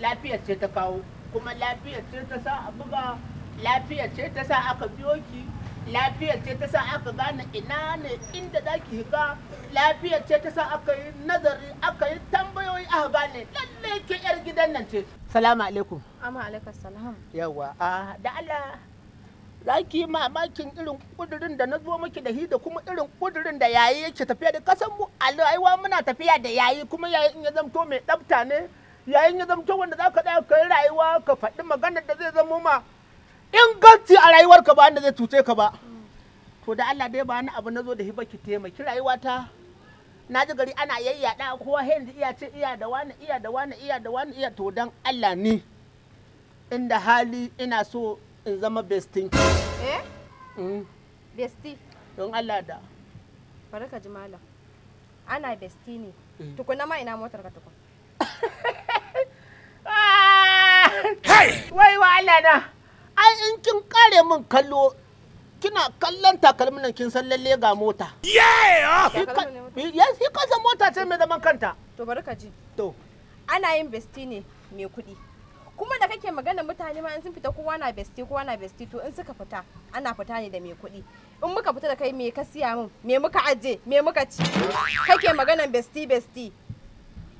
lafiyar ce ta kawo kuma lafiyar ce ta sa a ba lafiyar ce ta sa aka biyo ki lafiyar ce ta sa aka gane ina ne inda za ki ba lafiyar ce ta sa aka yi nazari aka yi tambayoyi aka gane lalle ke yar gidan nan ce salamu alaikum amma alaikum salam yawa a da Allah za ki yi mamakin irin kudurin da na zo miki da hi da kuma irin kudurin da yayi yake tafiya da kasan mu a rayuwa muna tafiya da yayi kuma yayi in ya zamto mai tsafta ne yayin ya zamto wanda za ka tsaya ka yi rayuwa ka faɗi maganar da zai zamo ma inganci a rayuwarka ba wanda zai cuce ka ba to da Allah dai ba wani abu na zo da hiba ki taimaki rayuwata na ji gari ana yayyada kowa hen iya ce iya da wani iya da wani iya da wani iya to dan Allah ni inda hali ina so in zama bestin eh mm. besti don Allah da baraka ji malam ana besti ne mm. tukuna ma ina motar ka tukun ah! kai wai wa Allah na ai in kin kare min kallo kina kallon takalmin nan kin san lalle ga mota yeah ah! yes shi kansa mota ce mai zaman kanta to bari ka ji to ana yin besti ne mai kuɗi kuma da kake magana mutane ma in sun fita kowa na besti kowa na besti to in suka fita ana fita ne da mai kuɗi in muka fita da kai me ka siya min me muka aje me muka ci kake magana besti besti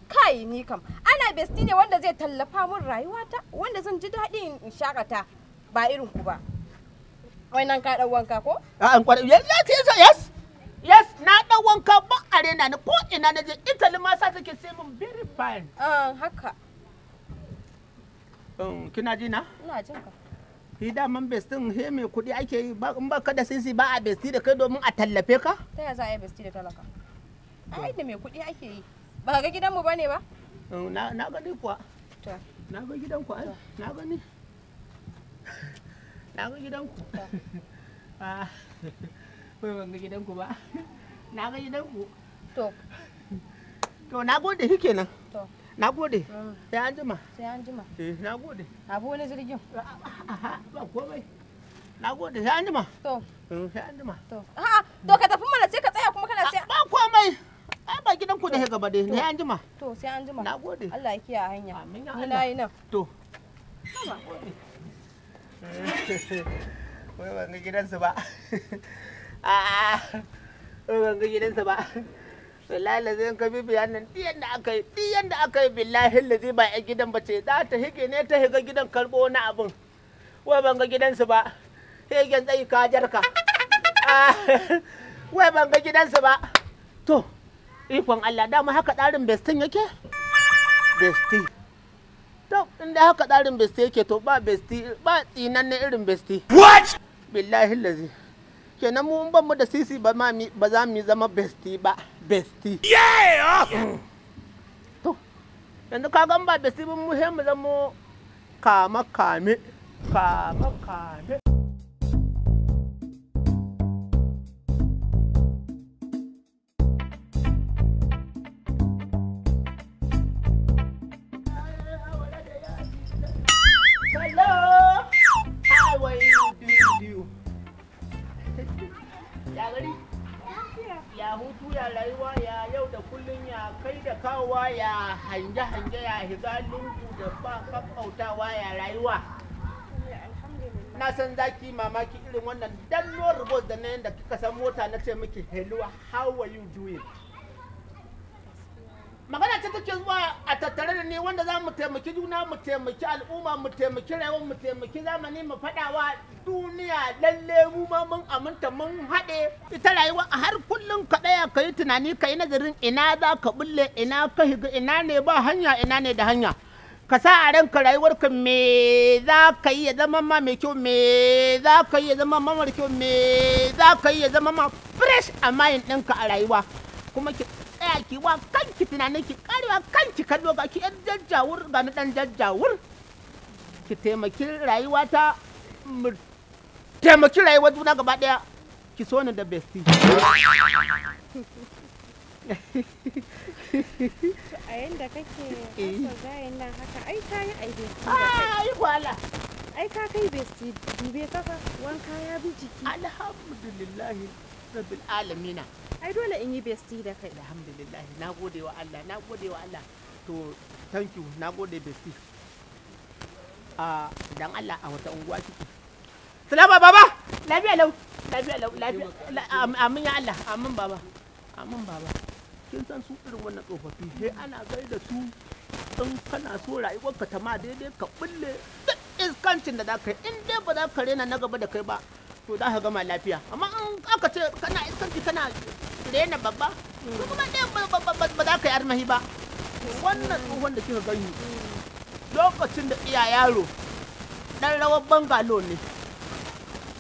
kai ni kam ana besti ne wanda zai tallafa min rayuwata wanda zan ji daɗi in shakata ba irin ku ba ka wanka ko a ah, an yes yes yes yes na dan wanka ba arena ni ko ina je Italy ma sa take sai mun very fine ah, haka um kina ji na ina jin ka Ni daman bestin he mai kuɗi ake yi in ba ka da sisi ba a besti da kai domin a tallafe ka? Ta a yi besti da talaka? Ai da mai kuɗi ake yi. Ba ka ga gidanmu ba ne ba? Um, na gani kuwa. Na ga gidan kuwa. Na gani. na ga gidanku ba ah. ban ga gidanku ba na ga gidanku to to na gode shi kenan na gode mm. sai an jima sai an jima eh na gode abu wani jirgin ah, ah, ba komai na gode sai an jima to mm, sai an jima to ha to ka tafi mana sai ka tsaya kuma kana sai ba ko mai ai ba gidan ku da ya gaba dai sai an jima to sai an jima na gode Allah ya kiyaye hanya amin ya Allah ni na yi nan to na gode Eh. wai ban ga gidansu ba a'a ah, wai ban ga gidansu ba wallahi lazai ka bi bayanan diyan da aka yi diyan da aka yi billahi lazai ba a gidan ba ce za ta hige ne ta higa gidan karɓo wani abin wai ban ga gidansu ba hegen tsayi kajar ka ah, wai ban ga gidansu ba to ikon Allah dama haka ɗarin bestin yake bestin to inda da haka tsarin besti yake to ba besti ba tsinanne irin besti what billahi lazi kenan mu ban mu da sisi ba ma ba za mu zama besti ba besti yeah to yanzu ka gan ba besti mun mu mu zama kama kame kama kame ya gari ya hutu ya rayuwa ya yau da kullum ya kai da kawowa ya hange hange ya higa lungu da ba kakkautawa ya rayuwa na san zaki mamaki irin wannan danno rubos da na yadda kika san mota na ce miki hello how are you doing magana ce take zuwa a tattare da ni wanda za mu taimaki juna mu taimaki al'umma mu taimaki rayuwar mu taimaki zamani mu faɗawa duniya lalle mu ma mun aminta mun haɗe ita rayuwa har kullum ka ɗaya ka yi tunani ka yi nazarin ina za ka bulle ina ka higa ina ne ba hanya ina ne da hanya ka sa a ranka rayuwarka me za ka yi ya zama ma mai kyau me za ka yi ya zama ma mara kyau me za ka yi ya zama ma fresh a mayin ɗinka a rayuwa kuma ki wallahi ki wa kanki tunanin ki karewa kanki kallo ga ki yan jajjawur ga ni dan jajjawur ki taimaki rayuwa ta mu taimaki rayuwar juna gaba daya ki so ni da besti a yanda kake eh. nan rabin alamina ai dole in yi besti da kai alhamdulillah na gode wa Allah na gode wa Allah to thank you na gode besti a dan Allah a wata unguwa kike salama baba lafiya lau lafiya lau lafiya amin ya Allah amin baba amin baba kin san su irin wannan tsofaffi sai ana gaida su in kana so rayuwarka ta ma daidai ka bulle duk iskancin da za ka yi in dai ba za ka rena na gaba da kai ba to za ka gama lafiya amma an aka ce kana iskanci kana rena babba ko kuma babba ba za ka yi armahi ba wannan tsohon da kika gani lokacin da iya yaro ɗan rawar bangalo ne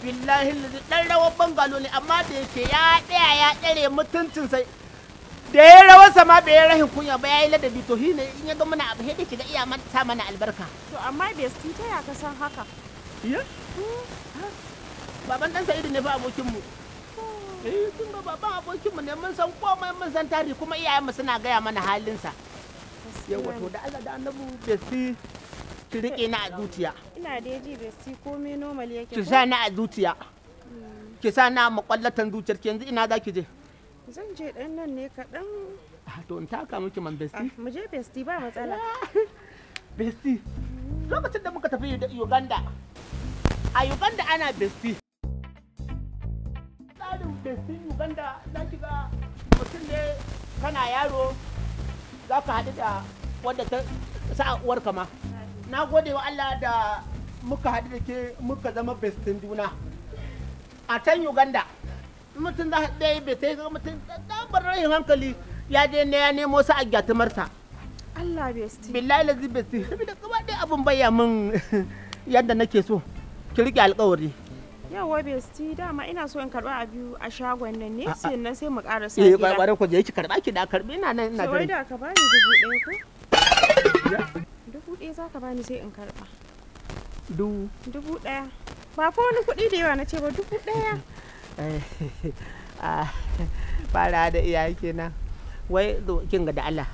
billahi ɗan rawar bangalo ne amma da yake ya ɗaya ya ɗare mutuncinsa da ya rawar ma bai rahin kunya ba ya yi ladabi to shi ne in ya ga mana abu sai ga iya mata mana albarka to amma bai ta ya ka san haka baban dan sa'idu ne ba abokin mu eh tun ba baban abokin mu ne mun san komai mun san tari kuma iyayen mu suna gaya mana halin sa yawa to da Allah da annabu besti ki rike na a zuciya ina da ji besti komai normal yake ki sa na a zuciya hmm. ki sa na makwallatan zuciyar ki yanzu ina za ki je zan je dan nan ne kaɗan ah, to in taka miki man besti ah, mu je besti ba matsala besti lokacin da muka tafi Uganda a Uganda ana besti Destin Uganda za ki ga mutum ne kana yaro za ka haɗu da wadda ta sa'a uwarka ma. Na gode wa Allah da muka haɗu da ke muka zama bestin juna. A can Uganda mutum za da yi bestin ga mutum hankali ya je ne ya nemo gyatumarsa. Allah bestin. Billahi lazi bestin. abin bayya min yadda nake so. Ki riƙe alƙawari. yawa besti dama ina so in karba a biyu a shagon nan ne sai nan sai mu ƙara sa eh, gida eh ba ko je ki karba ki da karbe ina nan ina da da ka bani dubu ɗaya ko dubu ɗaya za ka bani sai in karba dubu dubu ɗaya ba fa wani kuɗi da yawa na ce ba dubu ɗaya eh, ah, fara da iyaye kenan wai kin ga da Allah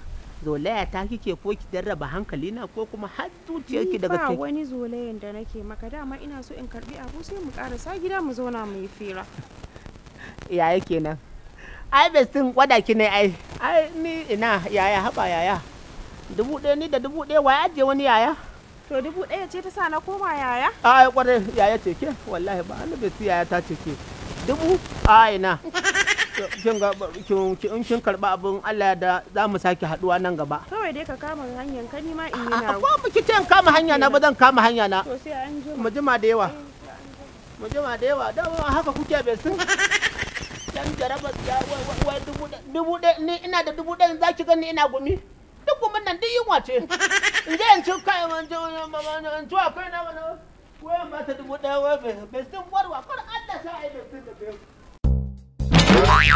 zolaya ta kike ko ki darraba hankali na ko kuma har zuciyarki daga ba wani zolayen da nake maka dama ina so in karbi abu sai mu karasa gida mu zauna mu yi fira yaya kenan ai bestin kwada ki ne ai ai ni ina yaya haba yaya dubu ɗaya ni da dubu ɗaya wa ajiye wani yaya to dubu ɗaya ce ta sa na koma yaya ai kwarai yaya ce ke wallahi ba bestin yaya ta ce ke dubu ai ina kin kin karba abin Allah da za mu sake haduwa nan gaba kawai dai ka kama hanyar ka nima in yi nawo ko miki ce kama hanya na ba zan kama hanya na to sai an jima mu jima da yawa eh, mu jima da yawa da haka kuke bai sun Kan jaraba ya wai dubu dubu ni ina da dubu ɗayan zaki gani ina gumi duk gumin nan duk yunwa ce in je in ci kai in tuwa kai na wani wayan ba ta dubu ɗaya wai bai sun warwa kar Allah sa a bai sun da bai ni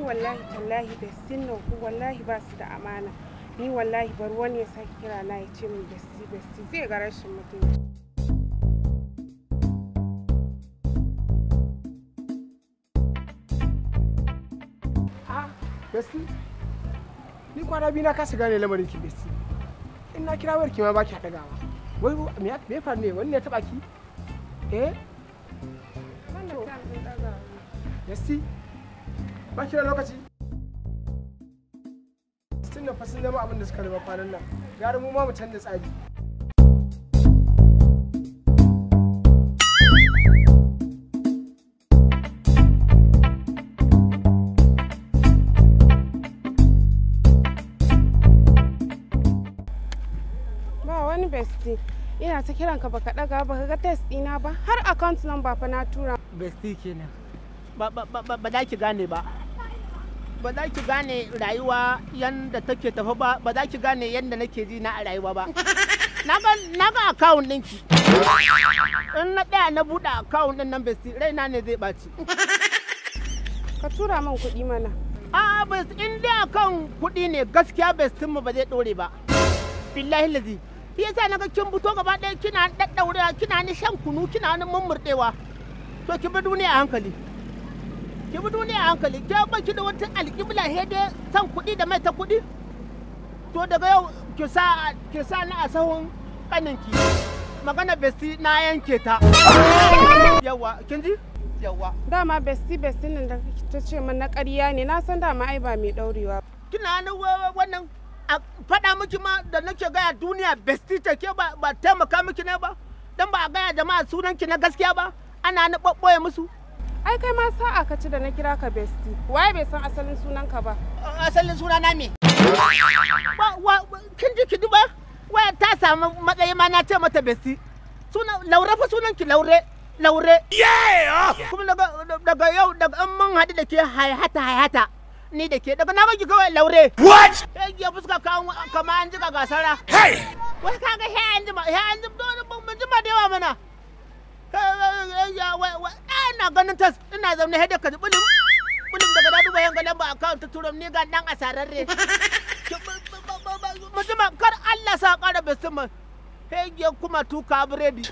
wallahi tallahi da ku wallahi ba su da amana ni wallahi bar wani ya sake kira na ya ce min besti besti zai ga rashin mutunci Besti? Ah, ni kwana biyu na kasa gane lamarin ki besti in na kira wayar ki ma baki dagawa wai me me faru ne wani ne taba ki eh wannan kan daga besti ba kira lokaci sun da fasin zama abin da suka raba kwanan nan gara mu ma mu canza tsari ina ta kiran ka baka daga baka ga test dina ba har account number fa na tura besti kenan ba ba ba ba za ki gane ba ba za ki gane rayuwa yanda take tafi ba ba za ki gane yanda nake ji na a rayuwa ba na ga account din ki in na ɗaya na bude account din nan besti raina ne zai baci ka tura man kuɗi mana a bestie in dai account kuɗi ne gaskiya bestie mu ba zai dore ba billahi lazi shi yasa naga kin fito gaba ɗaya kina daddaure kina ni shan kunu kina ni mummurdewa to ki bi duniya a hankali ki bi duniya a hankali ke ba ki da wata alƙibla he dai san kuɗi da mai ta kuɗi to daga yau ki sa ki sa ni a sahun ki magana besti na yanke ta yawa kin ji yawa dama besti besti nan da ta ce mana na ƙarya ne na san dama ai ba mai ɗaurewa kina ni wannan a faɗa miki ma da nake gaya duniya besti ta ke ba ba taimaka miki ne ba dan ba a gaya jama'a sunan ki na gaskiya ba ana na ɓaɓɓoye musu ai kai ma sa'a ka ci da na kira ka besti waye bai san asalin sunan ka ba asalin suna na me kin ji ki ba waya ta samu matsayi ma na ce mata besti suna laure fa sunan ki laure laure kuma daga yau daga an mun haɗu da ke hayata hayata ni da ke daga na baki kawai laure what ya fuska kama an jika gasara hey Wasu kaga he an jima he an jima dole mun jima da yawa mana ah, ina ganin tas ina zaune he da ka bulim. Bulim daga dadu bayan ga lamba account ta turam ni ga dan asararre mutuma kar Allah sa kara bisin Hey, he kuma tuka biredi